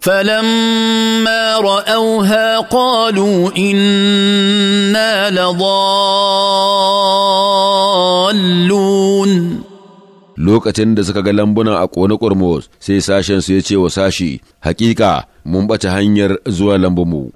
فلما رأوها قالوا إنا لضالون لوكتن دسكا غلامبنا أقوان قرموز سي ساشن سيچي وساشي حقيقة ممبت هنير زوى